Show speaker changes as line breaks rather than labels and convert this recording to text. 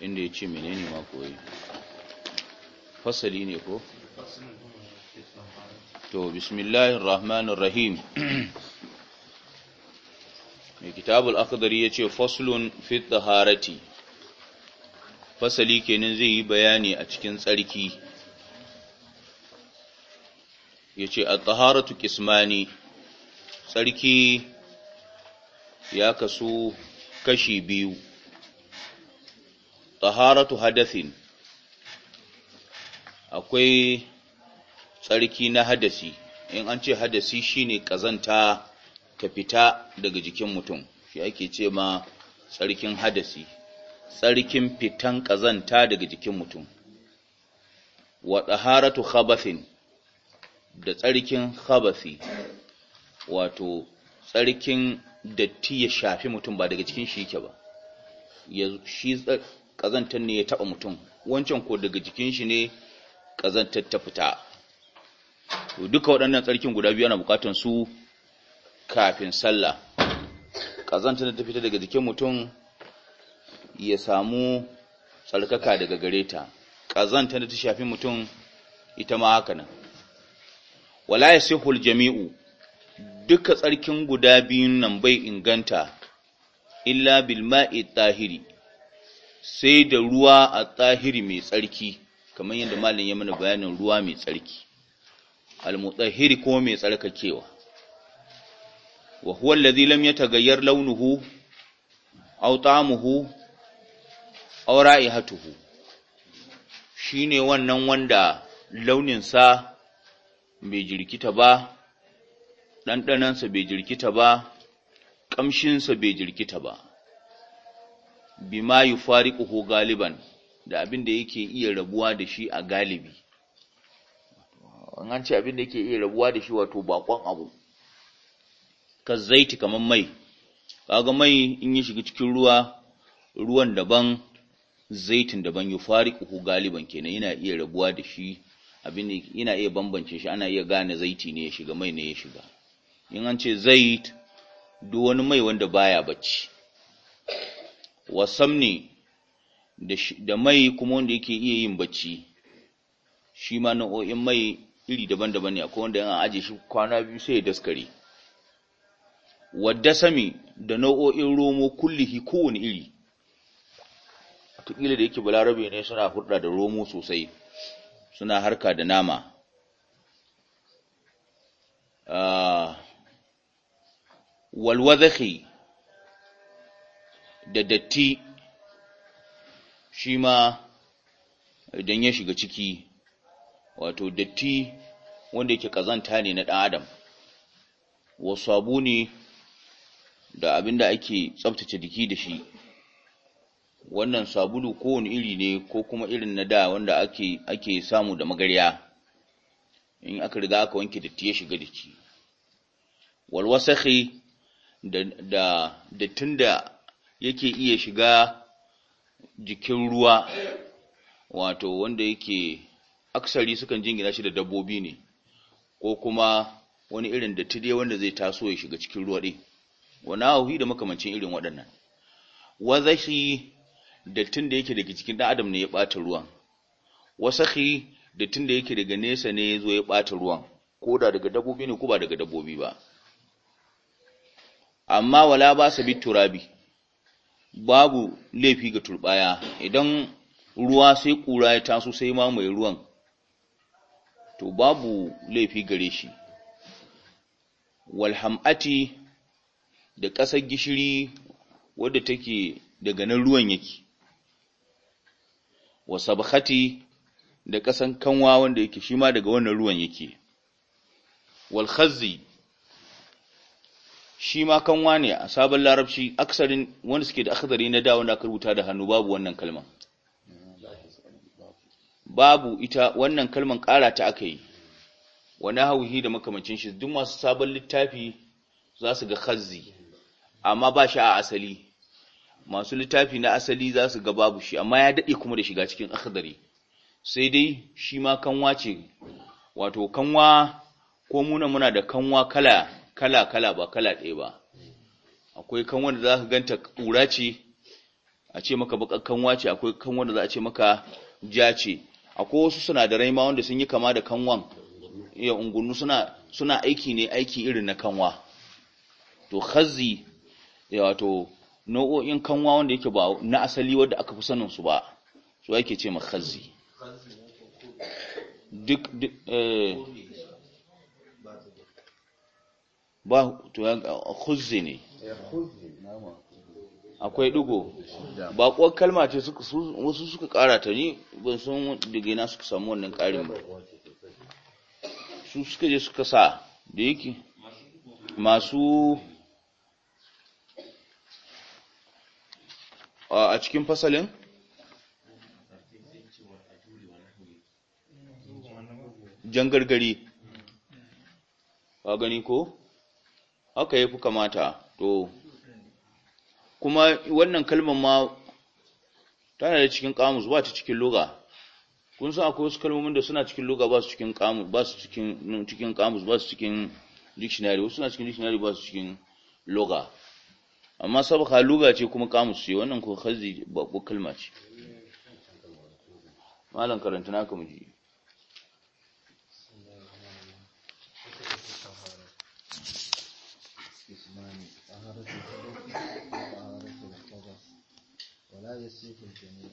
inda ya ce menene ma koyi fasali ne ko to bismillahir rahmanir rahim mai kitabul akhdari yace faslun fi taharati fasali kenan zai yi bayani a cikin tsarki yace at-taharatu qismani tsarki ya kasu kashi biyu taharatu hadasin, akwai tsarki na hadasi in an ce hadasi shine kazanta ta fita daga jikin mutum shi ake ce ma tsarkin hadasi tsarkin fitan kazanta daga jikin mutum wa taharatu khabathin da tsarkin khabathi wato tsarkin datti ya shafi mutum ba daga cikin shi yake ba shi ƙazantar ne ya taɓa mutum wancan ko daga jikin shi ne ƙazantar ta fita duka waɗannan tsarkin guda biyu ana buƙatar su kafin sallah ƙazantar ta fita daga jikin mutum ya samu tsarkaka daga gare ta ƙazantar ta shafi mutum ita ma haka nan wala yasihul jami'u duka tsarkin guda biyun nan bai inganta illa bil ma'i tahiri sai da ruwa a tsahiri mai tsarki kamar yadda malam ya mana bayanin ruwa mai tsarki almutsahiri ko mai tsarkakewa wa huwa alladhi lam yataghayyar launuhu aw ta'amuhu aw ra'ihatuhu shine wannan wanda launin sa bai jirkita ba ɗanɗanansa bai jirkita ba ƙamshinsa bai jirkita ba bima yufariquhu galiban da abin da yake iya rabuwa da shi a galibi an ce abin da yake iya rabuwa da shi wato bakon abu ka zaiti kaman mai kaga mai in yi shiga cikin ruwa ruwan daban zaitin daban yufariquhu galiban kenan yana iya rabuwa da shi abin yana iya bambance shi ana iya gane zaiti ne ya shiga mai ne ya shiga in an ce zait duk wani mai wanda baya bacci wasamni da mai kuma wanda yake iya yin bacci shi ma nau'o'in mai iri daban-daban ne akwai wanda yana aje shi kwana biyu sai ya daskare wadda sami da nau'o'in romo kullihi kowane iri tukila da yake balarabe ne suna hurɗa da romo sosai suna harka da nama ah, walwadahi da datti shi ma idan ya shiga ciki wato datti wanda yake kazanta ne na ɗan adam wasu abu ne da abin da ake tsabtace jiki da shi wannan sabulu kowane iri ne ko kuma irin na da wanda ake ake samu da magarya in aka riga aka wanke datti ya shiga jiki walwasa da da dattin da yake iya shiga jikin ruwa wato wanda yake aksari sukan jingina shi da dabbobi ne ko kuma wani irin da tide wanda zai taso ya shiga cikin ruwa ɗin wani ahuhi da makamancin irin waɗannan wazashi dattin da yake daga cikin adam ne ya ɓata ruwan wasahi dattin da yake daga nesa ne ya zo ya ɓata ruwan ko da daga dabbobi ne ko ba daga dabbobi ba amma wala ba sabi bi turabi babu laifi ga turbaya idan ruwa sai kura ya taso sai mai ruwan to babu laifi gare shi walhamati da ƙasar gishiri wadda take daga nan ruwan yake wa sabkhati da ƙasan kanwa wanda yake shi ma daga wannan ruwan yake wal shi ma kanwa ne a sabon larabci aksarin wanda suke da akasari na da aka rubuta da hannu babu wannan kalman babu ita wannan kalman ƙara ta aka yi wani hauhi da makamancin shi duk masu sabon littafi za su ga khazzi amma ba shi a asali masu littafi na asali za su ga babu shi amma ya daɗe kuma da shiga cikin akhdari sai dai shi ma kanwa ce wato kanwa ko muna muna da kanwa kala kala-kala ba kala ɗaya ba akwai kan wanda za ka ganta ƙura ce a ce maka baƙar kanwa ce akwai kan wanda za a ce maka ja ce akwai wasu sinadarai ma wanda sun yi kama da kanwan ya ungunu suna suna aiki ne aiki irin na kanwa to hazi, ya wato nau'o'in kanwa wanda yake ba na asali wadda aka fi sanin su ba su ake ce ma khazzi duk eh ba to khuzzi ne eh, akwai ɗigo. baƙuwar kalma ce wasu suka ƙara ta ni ban san digina suka samu wannan ƙarin ba su suka je suka sa da yake masu a cikin fasalin jan gargari ba gani ko haka yafi kamata to kuma wannan kalmar ma tana da cikin kamus ba ta cikin luga, kun san akwai wasu kalmomin da suna cikin luga ba su cikin kamus ba su cikin kamus ba su cikin dictionary wasu suna cikin dictionary ba su cikin luga, amma sabaka luga ce kuma kamus ce wannan ko khazi babu kalma ce malam karanta naka mu 机会节目。